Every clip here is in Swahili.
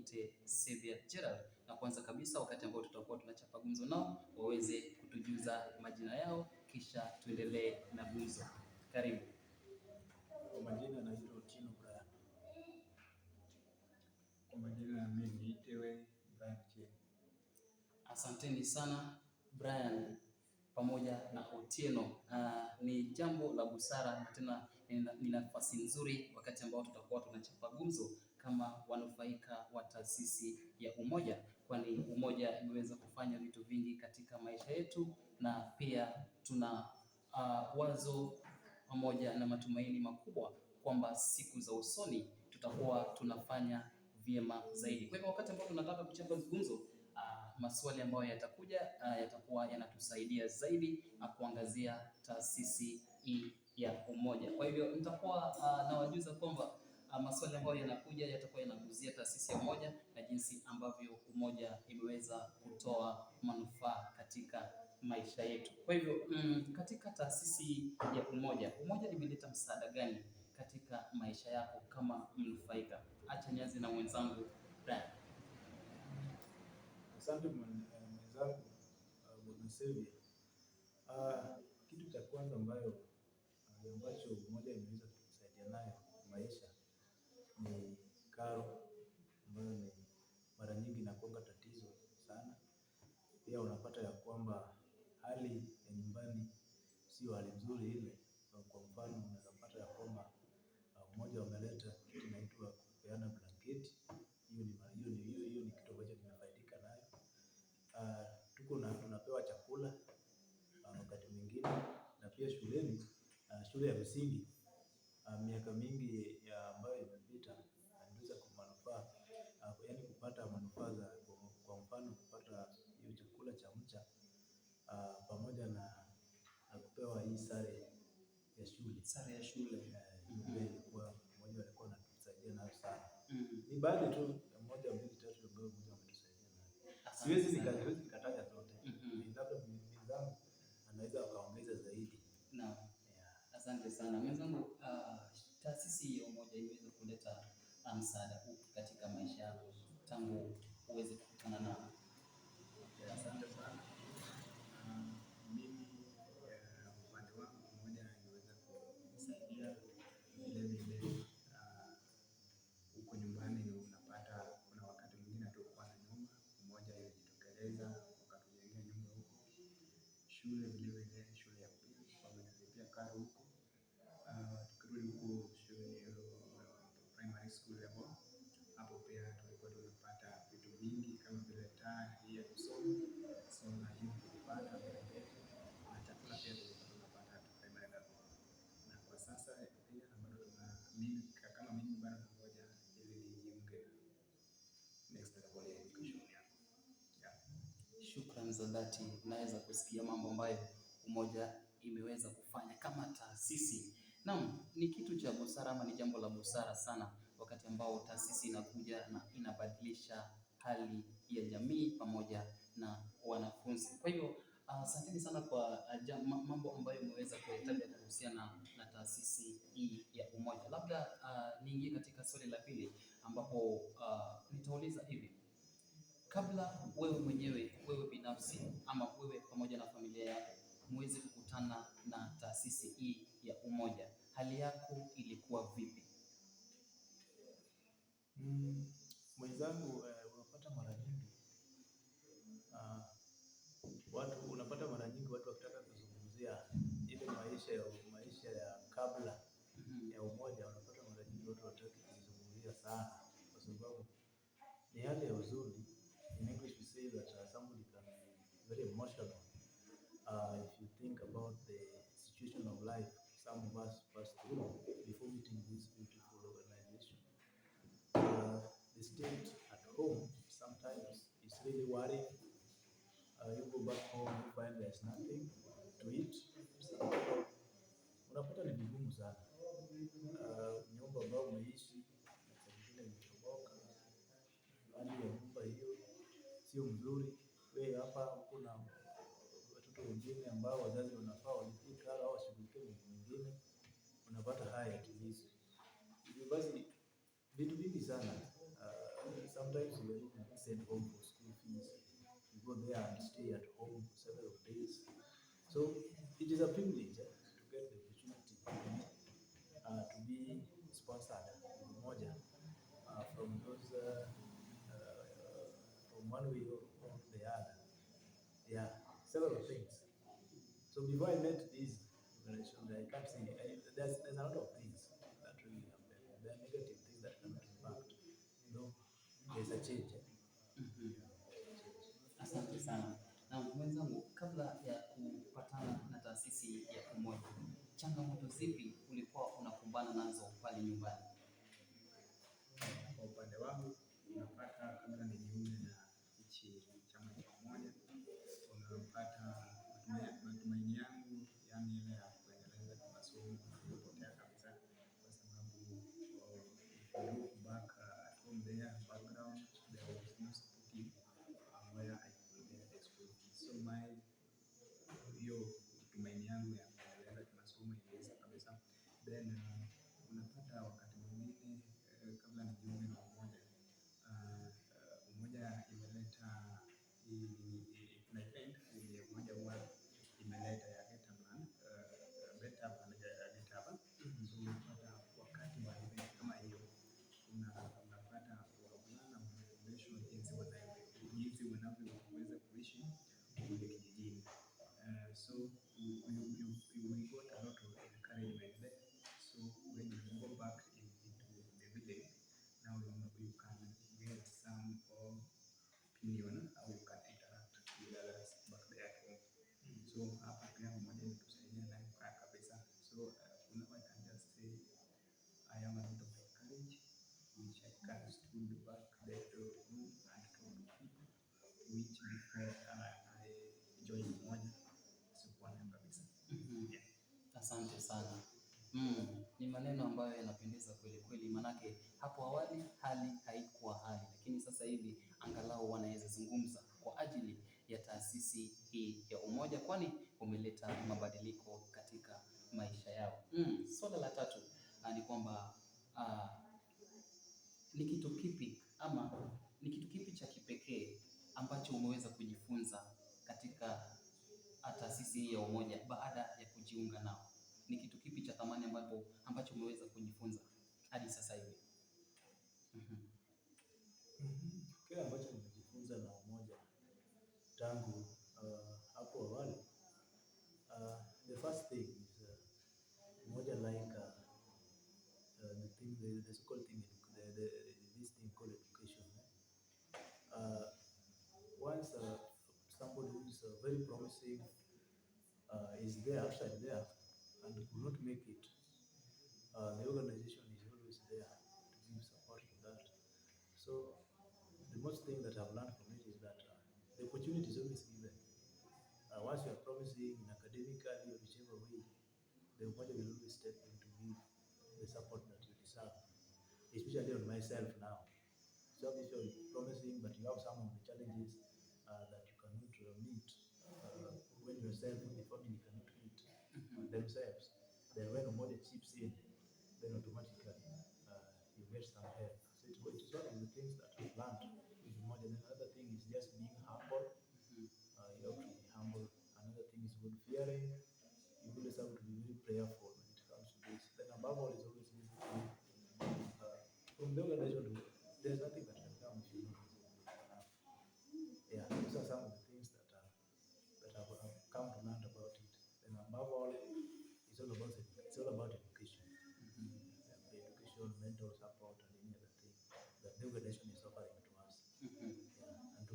niite Xavier Gerald, na kwanza kabisa wakati ambao tutakuwa tunachapa gumzo nao waweze kutujuza majina yao, kisha tuendelee na gumzo. Karibu. Kwa majina naitwa Otino Brian. Kwa majina mimi niitewe Brian Cheni. Asanteni sana Brian pamoja na Otieno. Uh, ni jambo la busara tena ni nafasi nzuri wakati ambao tutakuwa tunachapa gumzo kama wanufaika wa taasisi ya Umoja, kwani Umoja imeweza kufanya vitu vingi katika maisha yetu, na pia tuna uh, wazo pamoja na matumaini makubwa kwamba siku za usoni tutakuwa tunafanya vyema zaidi. Kwa hivyo wakati ambao tunataka kuchapa mazungumzo uh, ah, maswali ambayo yatakuja uh, yatakuwa yanatusaidia zaidi uh, kuangazia taasisi hii ya Umoja. Kwa hivyo nitakuwa uh, nawajuza kwamba Ah, maswali ambayo yanakuja yatakuwa yanaguzia taasisi ya Umoja na jinsi ambavyo Umoja imeweza kutoa manufaa katika maisha yetu. Kwa hivyo mm, katika taasisi ya Umoja, Umoja imeleta msaada gani katika maisha yako kama mnufaika? Acha nianze na mwenzangu Brian. Asante mwenzangu uh, Bwana Sevia. Uh, kitu cha kwanza ambayo uh, ambacho Umoja imeweza kutusaidia nayo maisha ni karo ambayo ni mara nyingi inakuanga tatizo sana. Pia unapata ya kwamba hali ya nyumbani sio hali nzuri ile. Kwa mfano unaweza pata ya kwamba ah, mmoja wameleta kitu inaitwa kupeana blanketi. Hiyo ni kitu ambacho nimefaidika nayo. Ah, tuko na tunapewa chakula ah, wakati mwingine na pia shuleni, shule ya msingi miaka mingi ya ambayo kupata manufaa za kwa mfano kupata hiyo chakula cha mcha ah, pamoja na kupewa hii sare ya shule. Sare ya shule eh, hiyo ilikuwa mmoja walikuwa wanatusaidia nayo sana. Mm-hmm. Ni baadhi tu ya moja mbili tatu ambayo Mungu ametusaidia nayo. Siwezi nikataja zote. Mm-hmm. Labda mwenzangu anaweza akaongeza zaidi. Naam. Asante sana mwenzangu, ah, taasisi ya Umoja imeweza kuleta ah, msaada huu katika maisha yako tangu uweze kukutana nao? Asante sana. Ah, mimi eh, upande wangu mmoja aliweza kusaidia vile vile, ah, huko nyumbani unapata kuna wakati mwingine hatukuwa na nyumba, mmoja alijitokeleza wakatujengea nyumba huko shule shukrani za dhati, naweza kusikia mambo ambayo Umoja imeweza kufanya kama taasisi. Naam, ni kitu cha busara ama ni jambo la busara sana wakati ambao taasisi inakuja na inabadilisha hali ya jamii pamoja na wanafunzi. Kwa hiyo asanteni uh, sana kwa uh, mambo ambayo umeweza kuyataja kuhusiana na taasisi hii ya Umoja. Labda uh, niingie katika swali la pili ambapo uh, nitauliza hivi kabla wewe mwenyewe, wewe binafsi, ama wewe pamoja na familia yako muweze kukutana na taasisi hii ya Umoja, hali yako ilikuwa vipi? Mm, mwenzangu eh, unapata mara nyingi uh, watu unapata mara nyingi watu wakitaka kuzungumzia ile maisha ya maisha ya kabla mm -hmm. ya umoja, unapata mara nyingi watu wataki kuzungumzia sana, kwa sababu ni hali ya uzuri say that uh, somebody can be very emotional uh, if you think about the situation of life some of us passed through before meeting this beautiful organization. Uh, the state at home sometimes is really worrying. Uh, you go back home, you find there's nothing to eat. Unapata sio mzuri. Wewe hapa kuna watoto wengine ambao wazazi wanafaa walipie karo au washughulikie mambo mengine, unapata haya yatimizi. Hivyo basi vitu vingi sana uh, sometimes you are sent home for school fees you go there and stay at home for several days so it is a privilege eh, to get the opportunity uh, to be sponsored one way or the other. Yeah, several things. So before I met these organizations, I can't say, I, there's, there's a lot of things that really happen. There are negative things that come impact. You know, there's a change. Mm-hmm. Asante sana. Na mwenzangu, kabla ya kupatana na taasisi ya pamoja changamoto zipi ulikuwa unakumbana nazo pale nyumbani? matumaini yangu yaani ile ya kuendeleza kimasomo ilipotea kabisa, kwa sababu back at home there background there was no supportive where I could get the school fees. So my hiyo tumaini yangu ya kuendeleza kimasomo kabisa. Then uh, unapata wakati mwingine uh, kabla nijiunge na So you, you, you, we got a lot of encouragement there. So when you go back into the village, now you, know, you can get some of um, opinion how you can interact with others back there at home. Mm. So hapa pia mmoja nikusaidia naye kaa kabisa. So uh, now I can just say I am a lot of encouraged which I can still do Asante sana. Mm, ni maneno ambayo yanapendeza kweli kweli, manake hapo awali hali haikuwa hali, lakini sasa hivi angalau wanaweza zungumza kwa ajili ya taasisi hii ya Umoja, kwani umeleta mabadiliko katika maisha yao. Mm, swala la tatu ah, ni kwamba ah, ni kitu kipi ama ni kitu kipi cha kipekee ambacho umeweza kujifunza katika ah, taasisi hii ya Umoja baada ya kujiunga nao? uh, is there outside there and could not make it, uh, the organization is always there to give support to that. So the most thing that I've learned from it is that uh, the opportunity is always given. Uh, once you are promising in academically or whichever way, the umoja will always step in to give the support that you deserve, especially on myself now. So if you're promising, but you have some of the themselves. Then when Omote chips in, then automatically uh, you get some help. So it's, it's one of the things that we have learned with more And another thing is just being humble. Mm-hmm. Uh, you have to be humble. Another thing is good fearing. You always have to be very prayerful when it comes to this. Then above all is always listening to uh, from the organization. There's nothing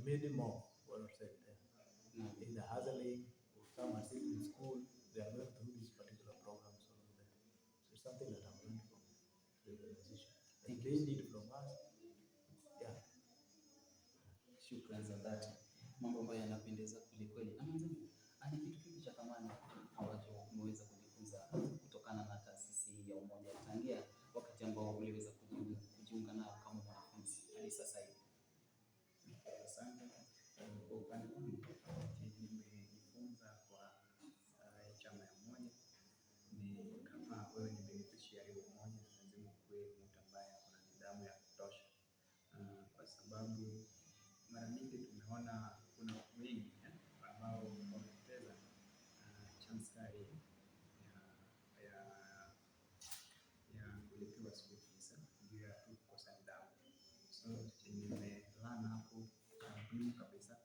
many more were not saved there. In the Hazali, some are still in school, they are going through these particular programs over So it's something that I've learned from the organization. And they need from us. Yeah. Shukrani za dhati. Mambo ambayo yanapendeza naona kuna wengi eh, ambao wamepoteza eh, chance kali ya kulipiwa juu ya tu kukosa nidhamu. So hapo ah, kabisa,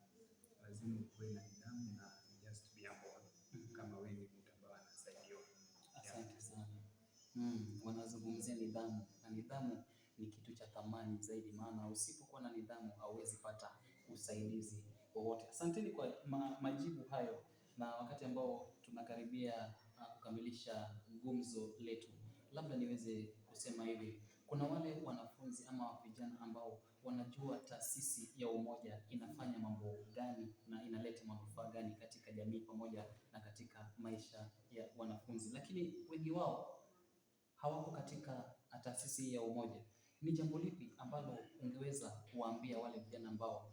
lazima ukuwe na nidhamu na just be mm-hmm. kama wewe ni mtu ambaye anasaidiwa. Asante sana. Mm, wanazungumzia nidhamu na nidhamu ni kitu cha thamani zaidi, maana usipokuwa na nidhamu hauwezi pata usaidizi wowote. Asanteni kwa ma majibu hayo, na wakati ambao tunakaribia uh, kukamilisha gumzo letu, labda niweze kusema hivi, kuna wale wanafunzi ama vijana ambao wanajua taasisi ya Umoja inafanya mambo gani na inaleta manufaa gani katika jamii pamoja na katika maisha ya wanafunzi, lakini wengi wao hawako katika taasisi ya Umoja. Ni jambo lipi ambalo ungeweza kuwaambia wale vijana ambao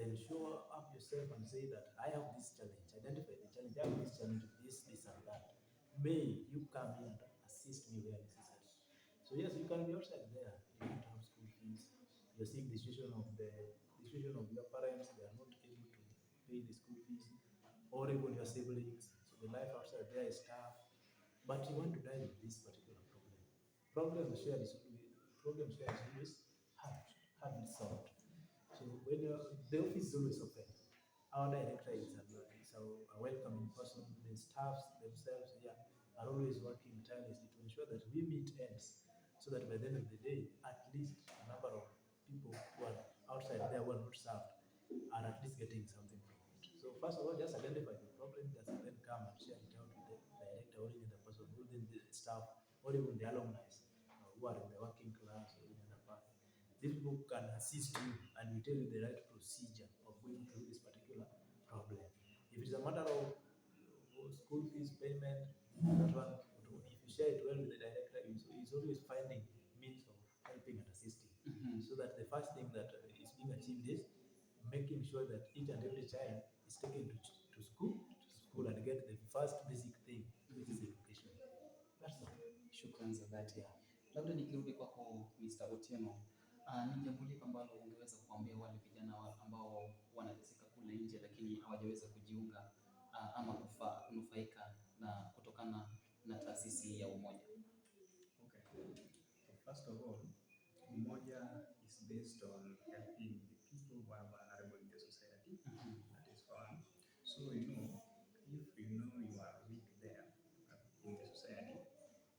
then show up yourself and say that I have this challenge. Identify the challenge. I have this challenge, this, this, and that. May you come here and assist me where necessary. So yes, you can be outside there. You don't have school fees. You're seeing the situation of the situation of your parents. They are not able to pay the school fees, or even your siblings. So the life outside there is tough. But you want to deal with this particular problem. Problem shared is only. problem shared is always hard, hard solved to when the office is always open. Our director is a, is a, a welcoming person. The staffs themselves, yeah, are always working tirelessly to ensure that we meet ends, so that by the end of the day, at least a number of people who are outside there who are not served are at least getting something from it. So first of all, just identify the problem, just then come and share it out with the director or any other person, or the staff, or even the alumni uh, who are in the working class or in another part. This book can assist you and will tell you the right procedure of going through this particular problem. If it's a matter of school fees payment, that one, if you share it well with the director, he's always finding means of helping and assisting. Mm -hmm. So that the first thing that is being achieved is making sure that each and every child is taken to, to school, to school and get the first basic thing, which is education. That's all. Shukran za dhati. Labda nikirudi kwako Mr. Otieno, Uh, ni jambo lipi ambalo ungeweza kuambia wale vijana ambao wanateseka kule nje lakini hawajaweza kujiunga uh, ama kufa, kunufaika na kutokana na taasisi ya Umoja? Okay. First of all, Umoja is based on helping the people who are vulnerable in the society. Mm-hmm. That is one. So you know, if you know you are weak there uh, in the society,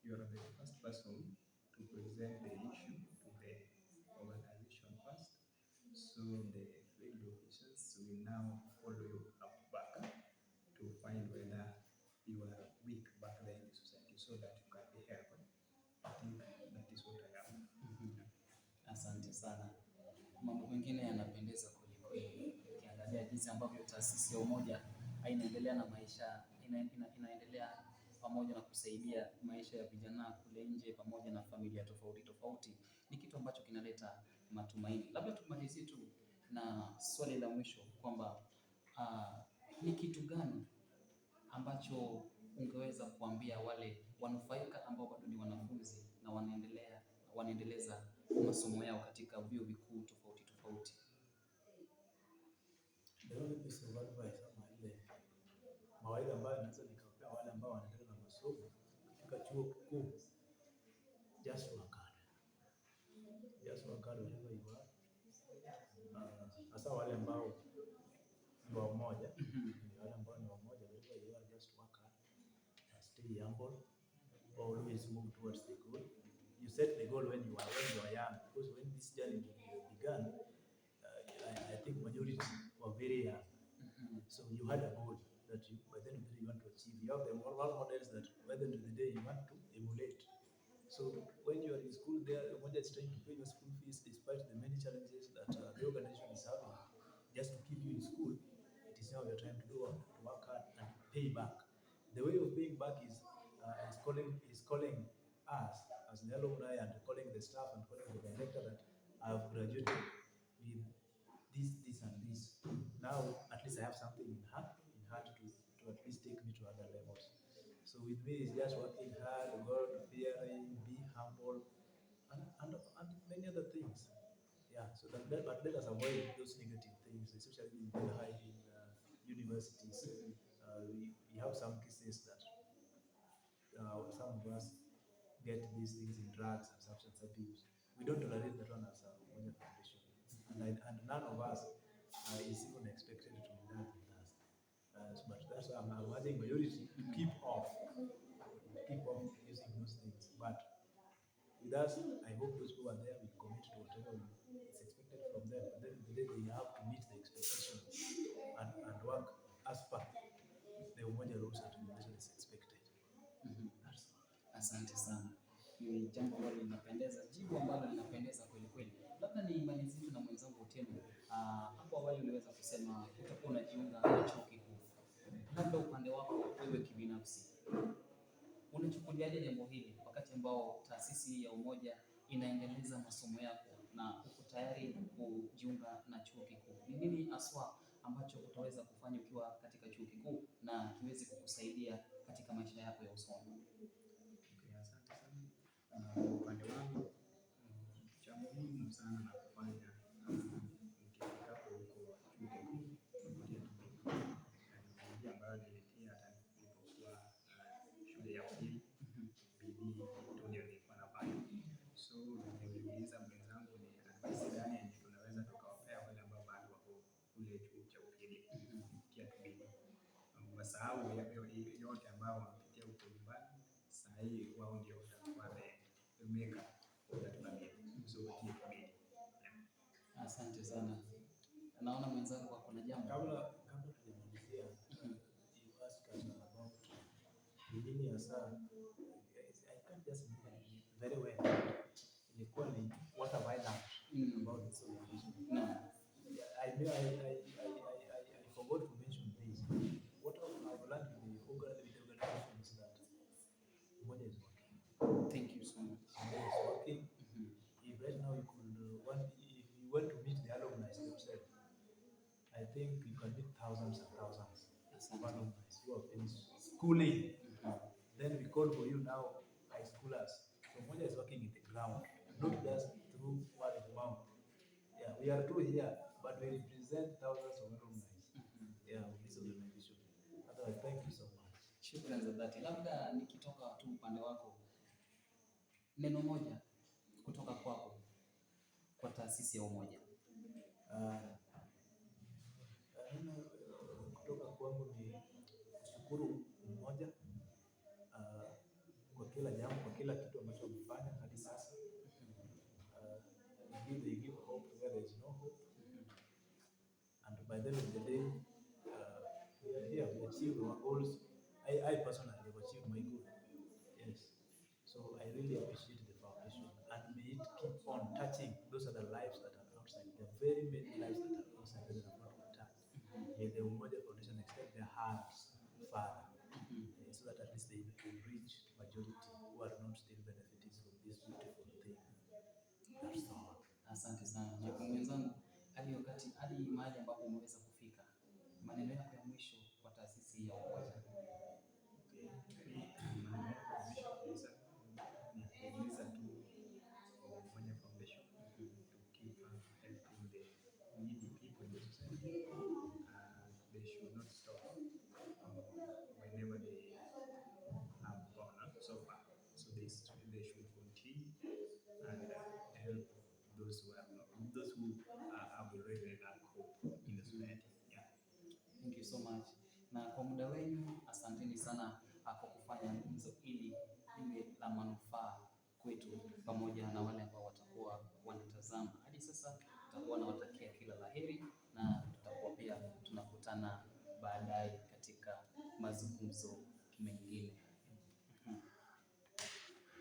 you are the first person to present the So the three locations will now follow you up back to find whether you are weak back there in the society so that you can be helped. I think that is what I am. Mm-hmm. Asante sana. Mambo mengine yanapendeza kweli kweli, ukiangalia jinsi ambavyo taasisi ya Umoja inaendelea na maisha ina, ina, inaendelea pamoja na kusaidia maisha ya vijana kule nje pamoja na familia tofauti tofauti, ni kitu ambacho kinaleta matumaini. Labda tumalizie tu na swali la mwisho kwamba uh, ni kitu gani ambacho ungeweza kuambia wale wanufaika ambao bado ni wanafunzi na wanaendelea wanaendeleza masomo yao katika vyuo vikuu tofauti tofauti? set the goal when you are when you are young, because when this journey began, uh, I, I, think majority were very young. Mm-hmm. So you had a goal that you by then you want to achieve. You have the role models that by the end of the day you want to emulate. So when you are in school, there when they're trying to pay your school fees despite the many challenges that uh, the organization is having, just to keep you in school, it is now your time to do to work hard and pay back. The way of paying back is uh, is calling is calling us as an alumni and calling the staff and calling the director that I have graduated with this, this, and this. Now, at least I have something in hand, in hand to, to at least take me to other levels. So with me is just working hard, work, fearing, be humble, and, and, and many other things. Yeah, so that, but let us avoid those negative things, especially in high in uh, universities. Uh, we, we have some cases that uh, some of us get these things in drugs and substance abuse. We don't tolerate that one as a Umoja And, I, and none of us uh, is even expected to do that with us. so, but that's why I'm, i majority to keep off, keep off using those things. But with us, I hope those who are there will commit to whatever is expected from them. And then, then they have to meet the expectations and, and work as per the major rules and expected. Mm -hmm. That's all. Asante sana. ni eh, jambo ambalo linapendeza, jibu ambalo linapendeza kweli kweli. Labda ni tu na mwenzangu Otieno. Ah, hapo awali uliweza kusema utakuwa unajiunga na chuo kikuu, labda upande wako wewe kibinafsi unachukuliaje jambo hili wakati ambao taasisi ya Umoja inaendeleza masomo yako na uko tayari kujiunga na chuo kikuu? Ni nini aswa ambacho utaweza kufanya ukiwa katika chuo kikuu na kiweze kukusaidia katika maisha yako ya usomi? upande wangu, cha muhimu sana na kufanya nikifikapo huko chuo kikuu ambayo nilitia nilipokuwa shule ya upili bidii tu ndio nilikuwa nafanya. So nilimuuliza mwenzangu ni advice gani yenye tunaweza tukawapea wale ambao bado wako kule chuo cha upili kutia tu wasahau yote ambayo wamepitia huko nyumbani saa kutumika Asante sana. Naona mwenzangu kuna jambo. Kabla kabla tujamalizia nini hasa I can't just very well. Ilikuwa ni what have I done? About this. No. I, I, schooling. Then we call for you now, high schoolers. So Moja is working in the ground, not just through word of mouth. Yeah, we are two here, but we represent thousands of alumni. Yeah, with this organization. Otherwise, thank you so much. Shukrani za dhati. Labda nikitoka tu upande wako, neno moja kutoka kwako kwa taasisi ya Umoja. Uh, by the end of the day, uh, I we achieve our goals. I, I personally have achieved my goal. Yes. So I really appreciate the foundation and may it keep on touching. Those are the lives that are outside. There are very many lives that are outside that are not touched. May they will the foundation extend their hands far uh, so that at least they can reach majority who are not still benefiting from this beautiful thing. That's all. Asante sana. Mwenzangu hadi wakati hadi mahali ambapo umeweza kufika. Maneno yako ya mwisho kwa taasisi ya umoja relaciona